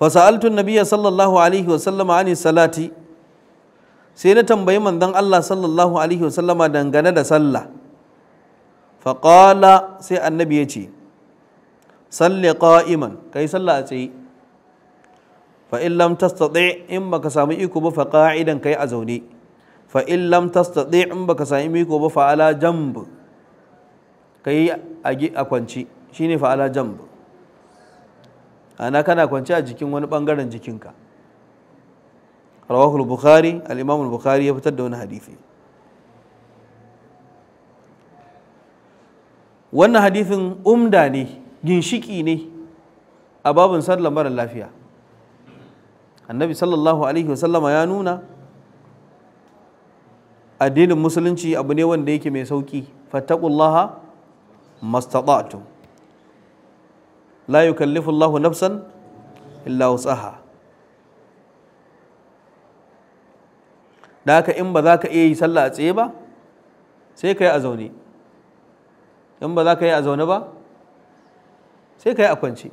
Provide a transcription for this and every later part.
fasa'altun nabiya sallallahu alaihi wasallama ani salati sai na tambayi manzon Allah sallallahu alaihi wasallama dangane da sallah faƙala sai annabi ya ce salli qa'iman kai sallah a tsaye fa in lam tastati in baka samu iko ba fa qa'idan kai a zaune fa in lam tastati in baka samu iko ba fa ala jamb kai a kwanci shine fa ala jamb ana kana kwance a jikin wani bangaren jikinka rawahul bukhari al-imam bukhari ya fitar da wani hadisi wannan hadisin umda ne ginshiki ne a babin sallar mara lafiya annabi sallallahu alaihi wasallama ya nuna addinin musulunci abu ne wanda yake mai sauki fattakullaha mastata'tum la yukallifu Allahu nafsan illa wusaha da haka in ba za ka iya yi sallah a tsaye ba sai ka yi a zaune in ba za ka yi a zaune ba sai ka yi a kwance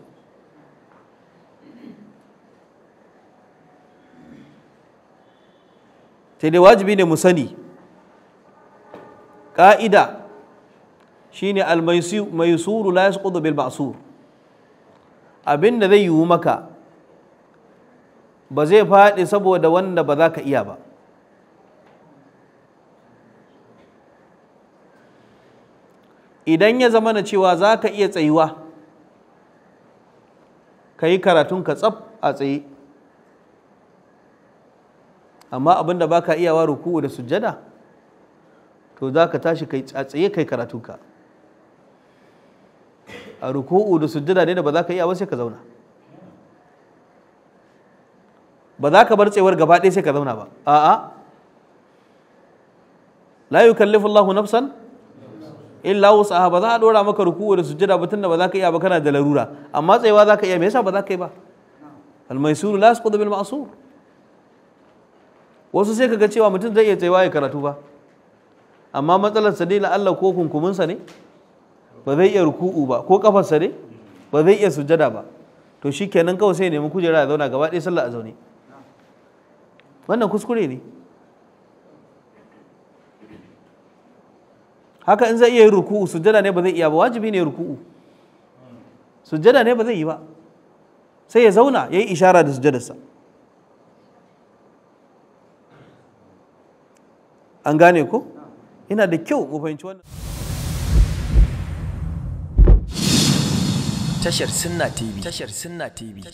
sai dai wajibi ne mu sani ƙa'ida shine al-maisuru la yasqutu bil ma'sur abin da zai yiwu maka ba zai faɗi saboda wanda ba za ka iya ba idan ya zama na cewa za ka iya tsayuwa ka yi karatun ka tsaf a tsaye amma abin da ba ka iyawa ruku da sujjada to za ka tashi a tsaye kai karatunka a ruku'u da sujjada ne da ba za ka iya ba sai ka zauna ba za ka bar tsewar gaba ɗaya sai ka zauna ba a'a la yukallifu Allahu nafsan illa wusaha ba za a dora maka ruku'u da sujjada ba tunda ba za ka iya ba kana da larura amma tsayawa za ka iya me yasa ba za ka yi ba al-maisuru la yasqutu bil ma'sur wasu sai kaga cewa mutum zai iya tsayawa ya karatu ba amma matsalar sa dai Allah ko kunkuminsa ne ba zai iya ruku'u ba ko kafarsa ne ba zai iya sujada ba to shi kenan kawai sai nemi kujera ya zauna gaba ɗaya sallah a zaune wannan kuskure ne haka in zai iya yin ruku'u sujada ne ba zai iya ba wajibi ne ruku'u sujada ne ba zai yi ba sai ya zauna ya yi ishara da sujadarsa an gane ko Ina da kyau ku fahimci wannan tashar Sunna TV tashar Sunna TV